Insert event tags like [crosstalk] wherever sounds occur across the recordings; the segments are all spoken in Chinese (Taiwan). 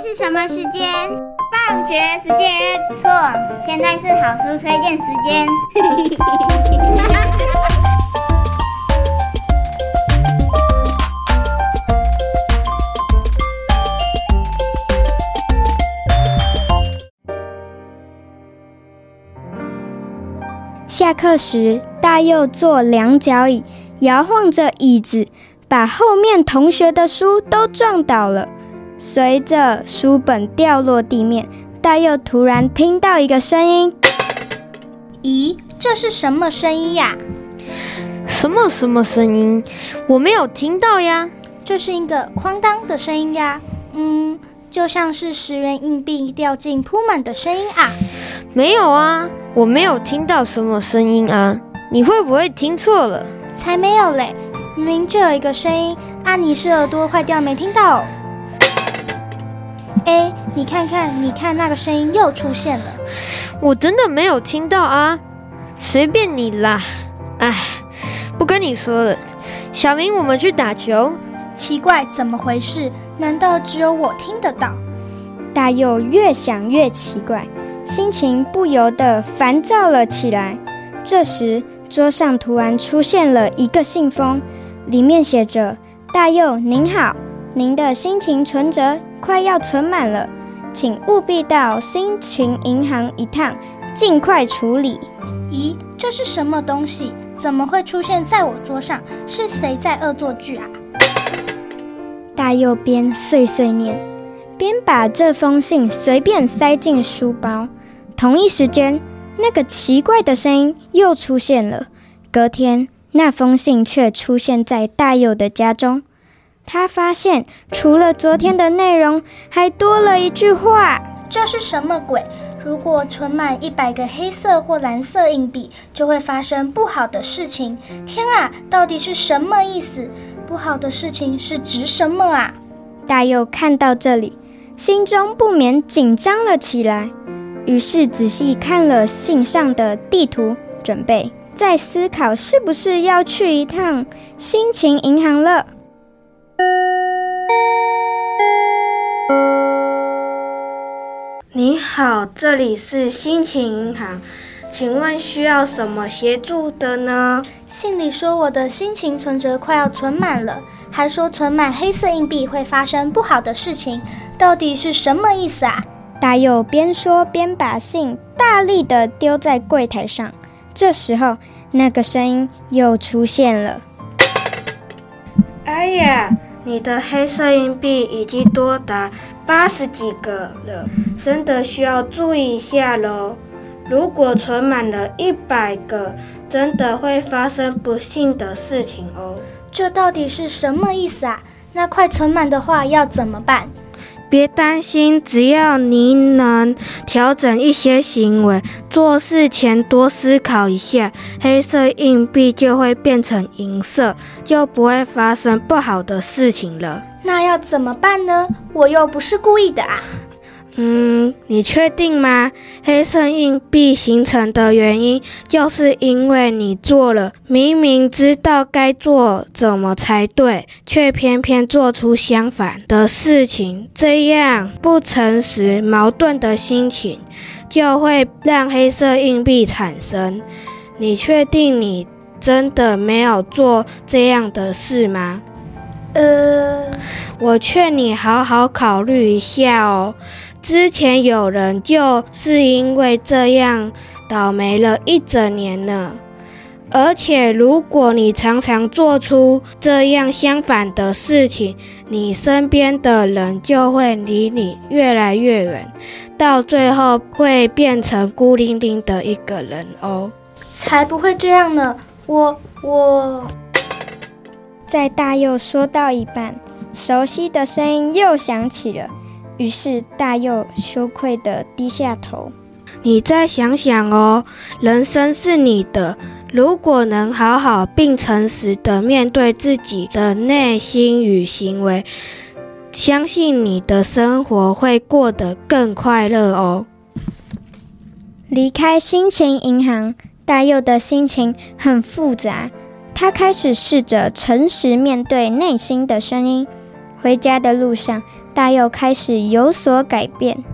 是什麼時間？放學時間？錯，現在是好書推薦時間。 [laughs] 下課時，大佑坐兩腳椅，搖晃着椅子，把後面同學的書都撞倒了。隨着書本掉落地面，大佑突然聽到一個聲音：“咦，這是什麼聲音呀、啊？什麼什麼聲音？我沒有聽到呀，這是一個哐噹的聲音呀，嗯，就像是十元硬幣掉進撲滿的聲音啊，沒有啊，我沒有聽到什麼聲音啊，你會不會聽錯了？才沒有嘞，明明就有一個聲音啊，你是耳朵壞掉沒聽到、哦？”哎，你看看，你看那個聲音又出現了，我真的沒有聽到啊！隨便你啦，哎，不跟你說了，小明，我們去打球。奇怪，怎麼回事？難道只有我聽得到？大佑越想越奇怪，心情不由得煩躁了起來。這時，桌上突然出現了一個信封，裡面寫着：“大佑，您好，您的心情存摺。”快要存滿了，請務必到心情銀行一趟，儘快處理。咦，這是什麼東西？怎麼會出現在我桌上？是誰在惡作劇啊？大佑邊碎碎念，邊把這封信隨便塞進書包。同一時間，那個奇怪的聲音又出現了。隔天，那封信卻出現在大佑的家中。他發現，除了昨天的內容，還多了一句話。這是什麼鬼？如果存滿一百個黑色或藍色硬幣，就會發生不好的事情。天啊，到底是什麼意思？不好的事情是指什麼啊？大佑看到這裡，心中不免緊張了起來。於是仔細看了信上的地圖，準備再思考是不是要去一趟心情銀行了。你好，這裡是心情銀行，請問需要什麼協助的呢？信裡說我的心情存摺快要存滿了，還說存滿黑色硬幣會發生不好的事情，到底是什麼意思啊？大佑邊說邊把信大力的丟在櫃檯上，這時候那個聲音又出現了。哎呀，你的黑色硬幣已經多達八十幾個了。真的需要注意一下咯。如果存滿了一百個，真的會發生不幸的事情哦。這到底是什麼意思啊？那快存滿的話要怎麼辦？別擔心，只要你能調整一些行為，做事前多思考一下，黑色硬幣就會變成銀色，就不會發生不好的事情了。那要怎麼辦呢？我又不是故意的啊。嗯，你確定嗎？黑色硬幣形成的原因，就是因為你做了明明知道該做怎麼才對，卻偏偏做出相反的事情。這樣不誠實、矛盾的心情，就會讓黑色硬幣產生。你確定你真的沒有做這樣的事嗎？呃，我勸你好好考慮一下哦。之前有人就是因為這樣倒霉了一整年呢。而且，如果你常常做出這樣相反的事情，你身邊的人就會離你越來越遠，到最後會變成孤零零的一個人哦。才不會這樣呢！我……我……在大佑說到一半，熟悉的聲音又響起了。於是，大佑羞愧的低下頭。你再想想哦，人生是你的，如果能好好並誠實的面對自己的內心與行為，相信你的生活會過得更快樂哦。離開心情銀行，大佑的心情很複雜。他開始試着誠實面對內心的聲音。回家的路上。大佑開始有所改變，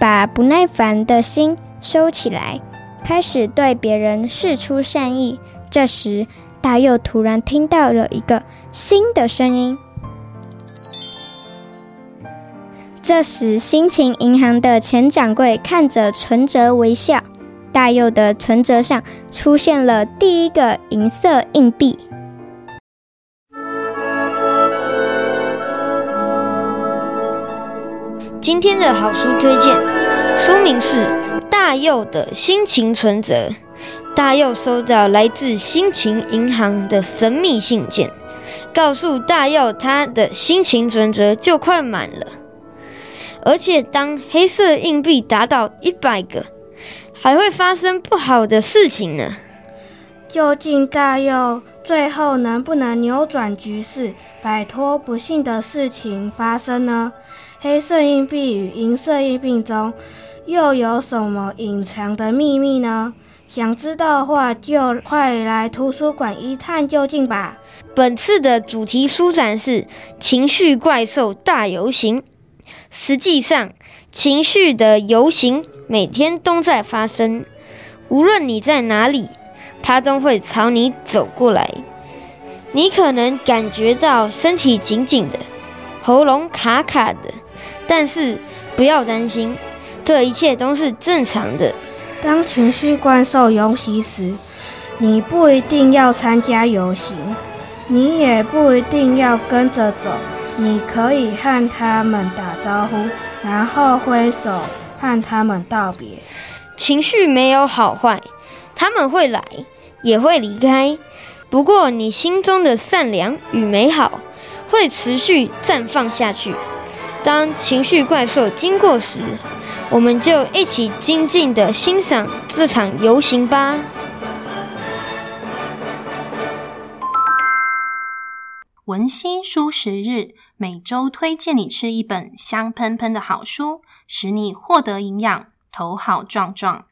把不耐煩的心收起來，開始對別人釋出善意。這時，大佑突然聽到了一個新的聲音。這時，心情銀行的錢掌櫃看着存折微笑，大佑的存折上出現了第一個銀色硬幣。今天的好書推薦，書名是《大佑的心情存摺》。大佑收到來自心情銀行的神祕信件，告訴大佑他的心情存摺就快滿了，而且當黑色硬幣達到一百個，還會發生不好的事情呢？究竟大佑最後能不能扭轉局勢，擺脫不幸的事情發生呢？黑色硬幣與銀色硬幣中又有什麼隱藏的祕密呢？想知道的話，就快來圖書館一探究竟吧。本次的主題書展是“情緒怪獸大遊行”。實際上，情緒的遊行每天都在發生，無論你在哪裡，它都會朝你走過來。你可能感覺到身體緊緊的，喉嚨卡卡的。但是不要擔心，這一切都是正常的。當情緒怪獸遊行時，你不一定要參加遊行，你也不一定要跟着走。你可以和他們打招呼，然後揮手和他們道別。情緒沒有好壞，他們會來，也會離開。不過，你心中的善良與美好會持續綻放下去。當情緒怪獸經過時，我們就一起靜靜的欣賞這場遊行吧。文欣書食日，每周推薦你吃一本香噴噴的好書，使你獲得營養，頭好壯壯。